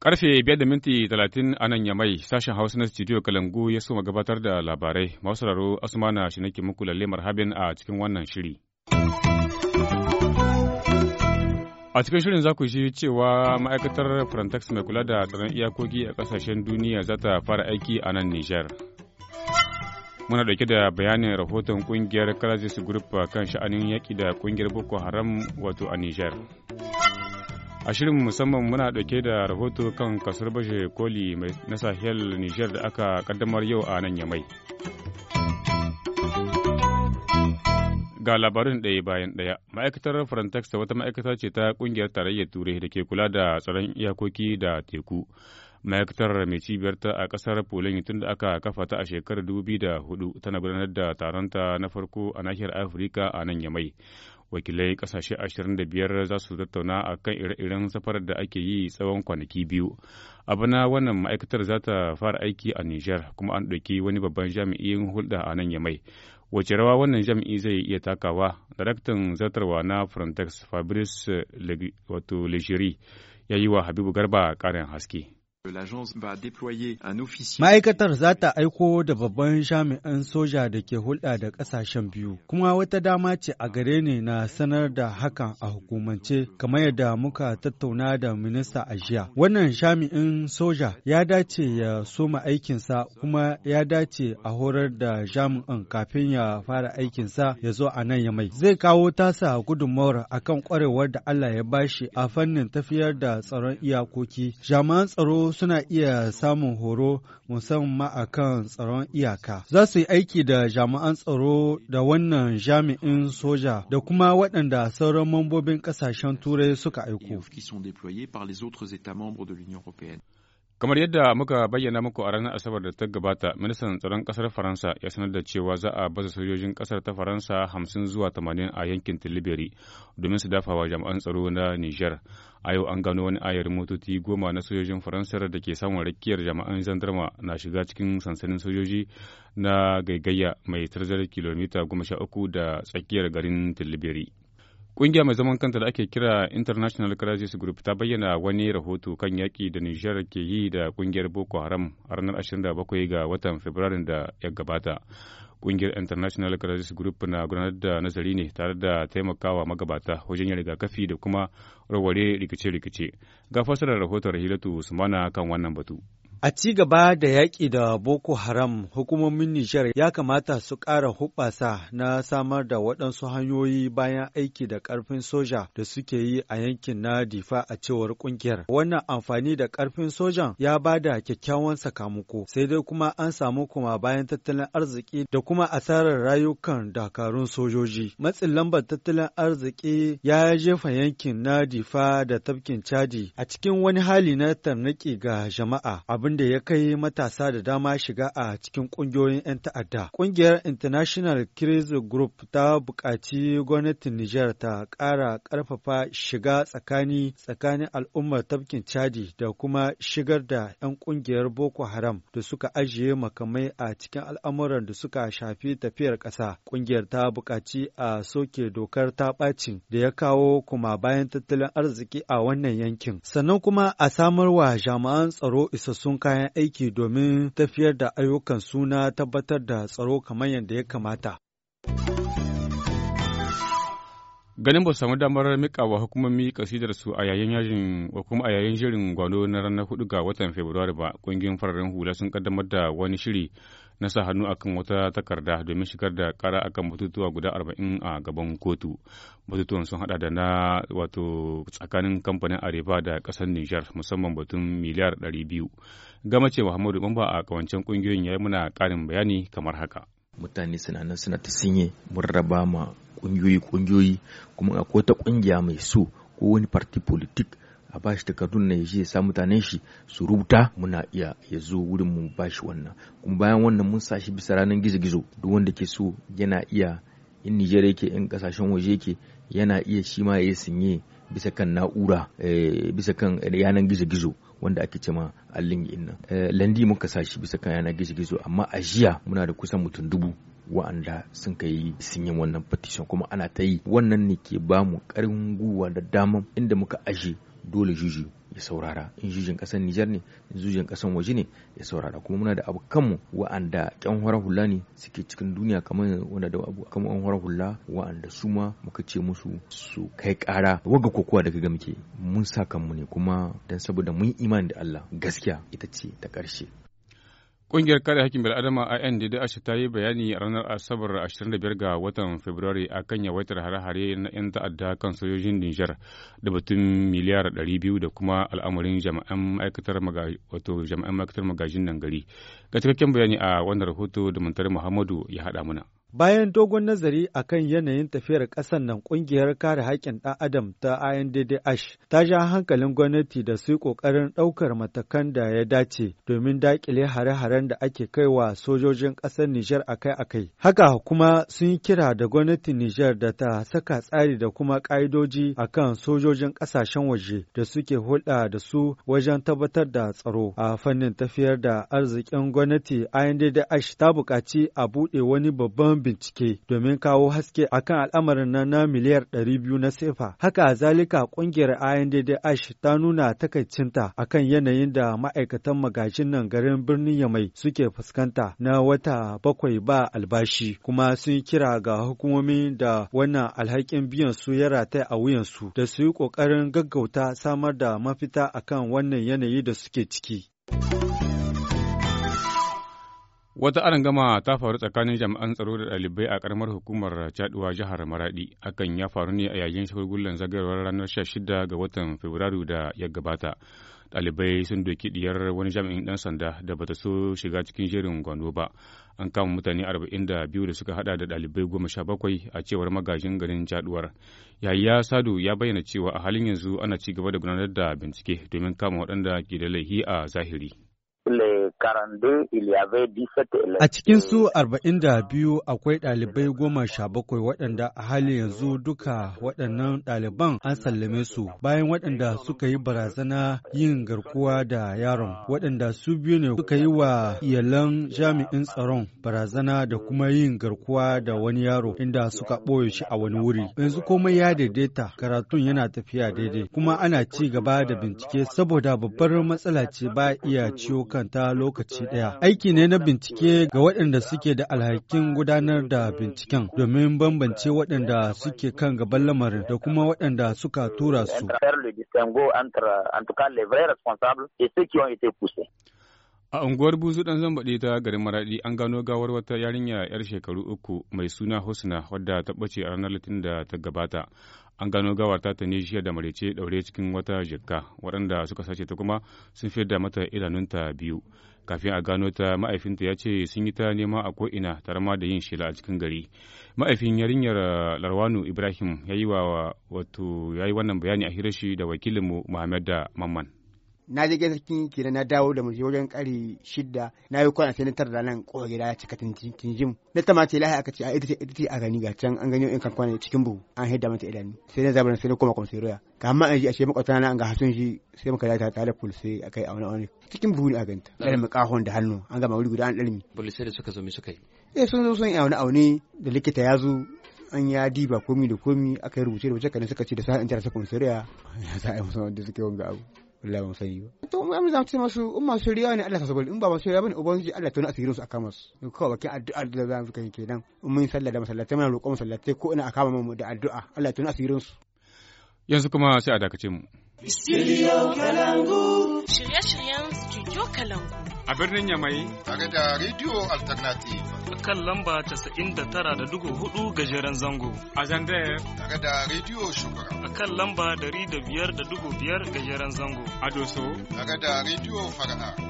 Karfe biyar da minti talatin a nan yamai sashen Hausa na studio Kalangu ya soma gabatar da labarai. Masu raro Asumana shi nake muku lalle marhabin a cikin wannan shiri. A cikin shirin za ku ji cewa ma'aikatar Frontex mai kula da tsaron iyakoki a ƙasashen duniya za ta fara aiki a nan Nijar. Muna ɗauke da bayanin rahoton ƙungiyar Crisis Group kan sha'anin yaƙi da ƙungiyar Boko Haram wato a Nijar. A shirin musamman muna ɗauke da rahoto kan kasar bashe koli na sahel Nijar da aka ƙaddamar yau a nan Yamai. Ga labarin ɗaya bayan ɗaya, ma'aikatar Frontex wata ma'aikata ce ta kungiyar tarayyar Turai da ke kula da tsaron iyakoki da teku. Ma'aikatar mai cibiyar ta a ƙasar Poland tun da aka kafa ta a shekarar da 2004 tana gudanar da taronta na farko a nahiyar Afirka a nan Yamai. wakilai kasashe 25 za su tattauna a kan ire-iren safarar da ake yi tsawon kwanaki biyu a bana wannan ma'aikatar za ta fara aiki a niger kuma an ɗauki wani babban jami'in hulɗa a nan yamai wace rawa wannan jam'i zai iya takawa daraktan zartarwa na frontex fabrice wato legiri ya yi wa habibu garba ƙarin haske Ma'aikatar za ta aiko da babban jami'an soja da ke hulɗa da ƙasashen biyu, kuma wata dama ce a gare ni na sanar da hakan a hukumance, kamar yadda muka tattauna da minista a Wannan jami'in soja ya dace ya soma aikinsa kuma ya dace a horar da Jami'in kafin ya fara aikinsa ya zo a nan ya mai. Zai kawo tasa gudunmawar kan ƙwarewar da Allah ya bashi a fannin tafiyar da tsaron iyakoki. Jami'an tsaro suna iya samun horo musamman a kan tsaron iyaka. Za su yi aiki da jami'an tsaro da wannan jami'in soja da kuma waɗanda sauran mambobin ƙasashen Turai suka aiko. Kamar yadda muka bayyana muku a ranar Asabar da ta gabata, ministan tsaron ƙasar Faransa ya sanar da cewa za a baza sojojin kasar ta Faransa hamsin zuwa tamanin a yankin Tilibiri domin su dafa wa jami'an tsaro na Nijar. A yau an gano wani ayar motoci goma na sojojin Faransa da ke samun rakiyar jami'an zandarma na shiga cikin sansanin sojoji na gaigayya mai tarzar kilomita goma sha uku da tsakiyar garin Tilibiri. Ƙungiya mai zaman kanta da ake kira International Crisis Group ta bayyana wani rahoto kan yaƙi da Nijar ke yi da ƙungiyar Boko Haram a ranar 27 ga watan Fabrairun da ya gabata. Ƙungiyar International Crisis Group na gudanar da nazari ne tare da taimakawa magabata wajen yin rigakafi da kuma warware rikice-rikice. Ga fasarar rahoton Rahilatu usmana kan wannan batu. A ci gaba da yaƙi da Boko Haram, hukumomin Nijar ya kamata su ƙara huɓasa na samar da waɗansu hanyoyi bayan aiki da ƙarfin soja da suke yi a yankin na Difa a cewar ƙungiyar. Wannan amfani da ƙarfin sojan ya ba da kyakkyawan sakamako, sai dai kuma an samu kuma bayan tattalin arziki da kuma asarar rayukan dakarun sojoji. Matsin lambar tattalin arziki ya jefa yankin na Difa da tafkin Chadi a cikin wani hali na tarnaƙi ga jama'a. Abin abin ya kai matasa da dama shiga a cikin ƙungiyoyin 'yan ta'adda. Ƙungiyar International Crisis Group ta buƙaci gwamnatin Nijar ta ƙara ƙarfafa shiga tsakani tsakanin al'ummar tafkin Chadi da kuma shigar da 'yan ƙungiyar Boko Haram da suka ajiye makamai a cikin al'amuran da suka shafi tafiyar ƙasa. Ƙungiyar ta buƙaci a soke dokar ta ɓacin da ya kawo kuma bayan tattalin arziki a wannan yankin. Sannan kuma a samarwa jami'an tsaro isassun kayan aiki domin tafiyar da ayyukan suna tabbatar da tsaro kamar yadda ya kamata. ganin ba su samu damar mika wa hukumomi kasidar su a yayin yajin wa kuma a yayin shirin gwano na ranar hudu ga watan februari ba kungiyoyin fararen hula sun kaddamar da wani shiri na sa hannu akan wata takarda domin shigar da kara akan batutuwa guda arba'in a gaban kotu batutuwan sun hada da na wato tsakanin kamfanin arewa da kasar niger musamman batun miliyar ɗari biyu gamace muhammadu bamba a kawancen kungiyoyin ya yi muna karin bayani kamar haka mutane suna nan suna ta sinye mun raba ma kungiyoyi kungiyoyi kuma akwai ta kungiya mai so ko wani parti politik a ba shi takardun na ya sa mutanen shi su rubuta muna iya ya zo wurin mu ba shi wannan kuma bayan wannan mun sa shi bisa ranar gizo-gizo duk wanda ke so yana iya in Nijar yake in kasashen waje yake yana iya shi ma ya sinye bisa kan na'ura eh, bisa kan yanan gizo-gizo wanda ake cema allin nan eh, landi muka sashi bisa kan yanan gizo-gizo amma a jiya muna da kusan mutum dubu wa'anda sun ka yi sun yi wannan petition kuma ana ta yi wannan ne ke bamu karin guwa da daman inda muka aje dole juju ya saurara in jujin kasar Nijar ne in jujin kasar waje ne ya saurara kuma muna da abu kanmu wa'anda kyan hura hula ne suke cikin duniya kamar wanda da abu kamar an hura hula wa'anda su ma muka ce musu su kai kara waga kokowa da gamke mun sa kanmu ne kuma dan saboda mun imani da Allah gaskiya ita ce ta ƙarshe. Ƙungiyar kare hakkin bil'adama a NDDH ta yi bayani a ranar Asabar 25 ga watan Fabrairu a kan yawaitar hare-hare na 'yan ta'adda kan sojojin Nijar da batun miliyar 200 da kuma al'amarin jama'an ma'aikatar wato jami'an ma'aikatar magajin nan gari. Ga cikakken bayani a wannan rahoto da Muntari Muhammadu ya haɗa mana. Bayan dogon nazari a kan yanayin tafiyar ƙasar nan ƙungiyar kare haƙƙin ɗan adam ta INDDH ta ja hankalin gwamnati da su ƙoƙarin ɗaukar matakan da ya dace domin daƙile hare-haren da ake kai wa sojojin ƙasar Nijar akai-akai. Haka kuma sun yi kira da gwamnatin Nijar da ta saka tsari da kuma ƙa'idoji a kan sojojin ƙasashen waje da suke hulɗa da su wajen tabbatar da tsaro. A fannin tafiyar da arzikin gwamnati INDDH ta buƙaci a buɗe wani babban bincike domin kawo haske akan al'amarin nan na miliyar 200 na sefa. Haka zalika ƙungiyar ash ta nuna takaicinta akan yanayin da ma'aikatan magajin nan garin birnin Yamai suke fuskanta na wata bakwai ba albashi kuma sun kira ga hukumomi da wannan alhakin biyan su ya rataya a wuyansu da su yi ƙoƙarin gaggauta samar da mafita akan wannan yanayi da suke ciki. Wata arangama ta faru tsakanin jami'an tsaro da ɗalibai a ƙaramar hukumar caduwa jihar maraɗi Hakan ya faru ne a yayin shagulgullan zagayowar ranar 16 ga watan Fabrairu da ya gabata. Ɗalibai sun doki diyar wani jami'in ɗan sanda da bata so shiga cikin jerin gwano ba. An kama mutane 42 da suka hada da ɗalibai 17 a cewar magajin garin caduwar. ya Sadu ya bayyana cewa a halin yanzu ana ci gaba da gudanar da bincike domin kama waɗanda ke da laifi a zahiri. A cikin su arba'in biyu, akwai ɗalibai goma sha bakwai waɗanda a halin yanzu duka waɗannan ɗaliban an sallame su bayan waɗanda suka yi barazana yin garkuwa da yaron waɗanda su biyu ne suka yi wa iyalan jami'in tsaron barazana da kuma yin garkuwa da wani yaro inda suka ɓoye shi a wani wuri. Yanzu komai ya daidaita karatun yana tafiya daidai kuma ana ci gaba da bincike saboda babbar matsala ce ba iya ciwo kanta lokacin lokaci ɗaya. Aiki ne na bincike ga waɗanda suke da alhakin gudanar da binciken domin bambance waɗanda suke kan gaban lamarin da kuma waɗanda suka tura su. A unguwar Buzu ɗan zambaɗe ta garin Maraɗi an gano gawar wata yarinya 'yar shekaru uku mai suna Husna wadda ta ɓace a ranar Litinin da ta gabata. An gano gawar ta ne jiya da marece ɗaure cikin wata jikka waɗanda suka sace ta kuma sun fiyar da mata idanunta biyu. kafin a gano ta ma'aifinta ya ce sun yi ta nema a ko'ina tare ma da yin shela a cikin gari ma'aifin yarinyar eh, larwanu ibrahim ya yi wa wato ya yi wannan bayani a hirashi da wakilinmu muhammad da mamman na je gidan sarkin kira na dawo da muje wajen kare shidda na yi kwana sai na da nan kowa gida ya cika jim na tama ce lahi aka ce a ita ce ita ce a gani ga can an yau in kan kwana cikin buhu an haida mata idanu sai na zabar sai na koma kwamsiriya kamar an ji a ce makwata na an ga hasun shi sai muka dace tare pulse akai a wani wani cikin buhu ne a ganta ɗan mu kahon da hannu an gama wuri guda an ɗalmi pulse da suka zo me suka yi eh sun zo sun yi auni. aune da likita ya zo an ya diba komi da komi aka yi rubuce da wace kanin suka ce da in tara sakon sirriya ya za a yi musamman da suke wanga abu sani ba to mu ce masu in ne Allah in ba bane ubangiji Allah asirin su aka masu kawai bakin addu'a da zamu kai kenan in mun sallah da masallatai muna roƙon ko ina mu da addu'a Allah asirin su yanzu kuma sai a dakace mu Studio shirye-shiryen Studio Kalangu. A birnin Yamai. Tare da Radio Alternative. A kan lamba tara da dugu hudu gajeren zango. A Zandaya. Tare da Radio Shugura. A kan lamba dari da da biyar dugu biyar gajeren zango. A Doso. Tare da Radio Fara'a.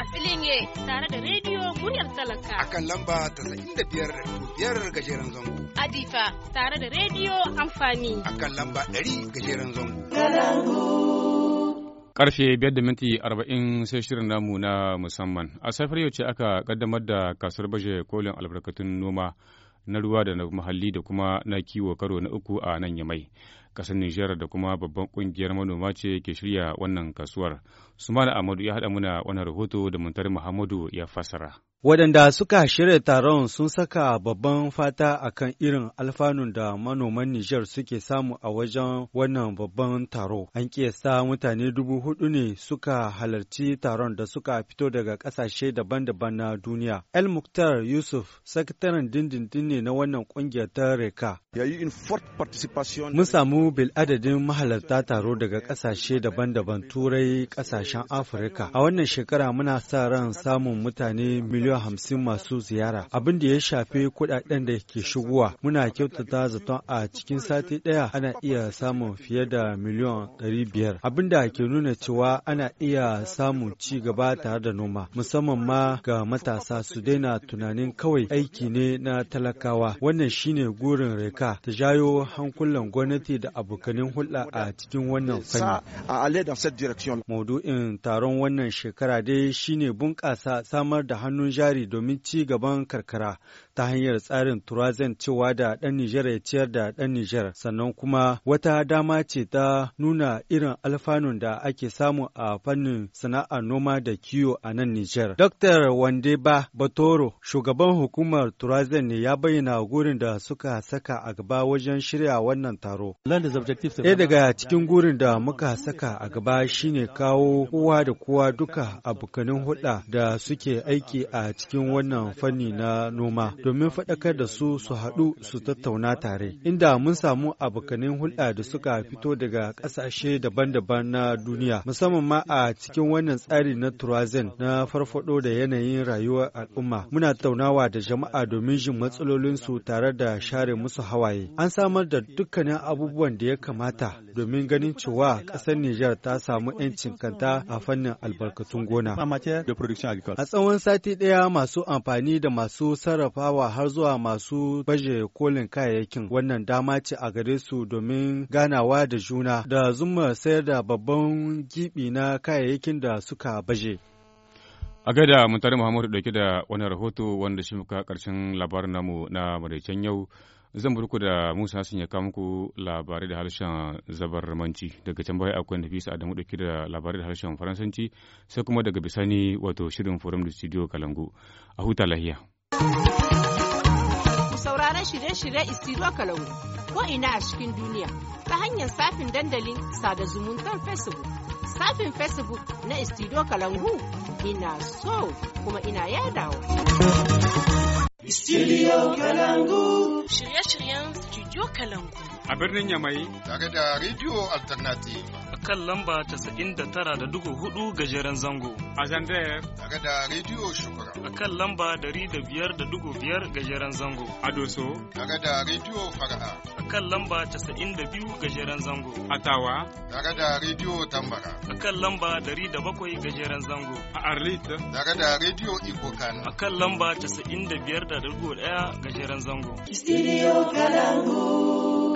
a filin ye tare da rediyo muryar talaka akan lamba ta da biyar biyar gajeren zango adifa tare da rediyo amfani akan lamba ɗari gajeren zango Karfe biyar da minti arba'in sai shirin namu na musamman. A safar yau ce aka kaddamar da kasuwar baje kolin albarkatun noma na ruwa da na muhalli da kuma na kiwo karo na uku a nan yamai. Kasar Nijar da kuma babban kungiyar manoma ce ke shirya wannan kasuwar. Sumana Ahmadu ya haɗa muna wannan rahoto da Muntari Muhammadu ya fassara. Waɗanda suka shirya taron sun saka babban fata akan irin alfanun da manoman Nijar suke samu a wajen wannan babban taro. An kiyasta mutane dubu hudu ne suka halarci taron da suka fito daga ƙasashe daban-daban na duniya. El Muktar Yusuf, sakataren dindindin ne na wannan ƙungiyar ta Reka. Mun samu bil adadin mahalarta taro daga ƙasashe daban-daban Turai, ƙasashen Afirka. A wannan shekara muna sa ran samun mutane miliyan miliyan hamsin masu ziyara. Abin da ya shafi kuɗaɗen da ke shigowa muna kyautata zaton a cikin sati ɗaya ana iya samun fiye da miliyan ɗari biyar. Abin da ke nuna cewa ana iya samun ci gaba tare da noma musamman ma ga matasa su daina tunanin kawai aiki ne na talakawa. Wannan shine gurin reka ta jayo hankulan gwamnati da abokanin hulɗa a cikin wannan fanni. Maudu'in taron wannan shekara dai shine bunƙasa samar da hannun jari domin ci gaban karkara ta hanyar tsarin turazen cewa da ɗan Nijar ya ciyar da ɗan Nijar sannan kuma wata dama ce ta nuna irin alfanun da ake samu a fannin sana'a noma da kiwo a nan Nijar. Dr. Wandeba Batoro, shugaban hukumar turazen ne ya bayyana gurin da suka saka a gaba wajen shirya wannan taro. Ɗaya daga cikin gurin da muka saka a gaba shine kawo kowa da kowa duka abokanin hulɗa da suke aiki a cikin wannan fanni na noma. domin faɗakar da su su haɗu su tattauna tare, inda mun samu abokanin hulɗa da suka fito daga ƙasashe daban-daban na duniya, musamman ma a cikin wannan tsari na Turazen na farfaɗo da yanayin rayuwar al'umma. Muna tattaunawa da jama'a domin jin matsalolinsu tare da share musu hawaye. An samar da dukkanin abubuwan da ya kamata domin ganin cewa ƙasar Nijar ta samu 'yancin kanta a fannin albarkatun gona. A tsawon sati ɗaya masu amfani da masu sarrafa adawa har zuwa masu baje kolin kayayyakin wannan dama ce a gare su domin ganawa da juna da zuma sayar da babban gibi na kayayyakin da suka baje. A gaida Muntari Muhammadu dauke da wani rahoto wanda shi muka karshen labarin namu na maraicen yau zan burku da Musa Hassan ya kawo muku labarai da harshen zabarmanci daga can baya akwai Nafisa Adamu dauke da labarai da harshen Faransanci sai kuma daga bisani wato shirin Forum da Studio Kalangu a huta lahiya. sauraron shirye-shirye Isiro Kalangu ko ina a cikin duniya ta hanyar safin dandalin sada zumuntar Facebook. Safin Facebook na Isiro Kalangu ina so kuma ina yadawa. Studio Kalangu Shirye-shiryen Studio Kalangu a birnin Yamai tare da Radio Alternative. kan lamba 99.4 gajeren zango. A Zandayar. Daga da Radio Shukura. A kan lamba 105.5 gajeren zango. A Doso. Daga da Radio Fara'a. A kan lamba 92 gajeren zango. A Tawa. Daga da Radio Tambara. A kan lamba 107 gajeren zango. A Arlit. Daga da Radio Ibokan. A kan lamba 95.1 gajeren zango. Studio Kalangu.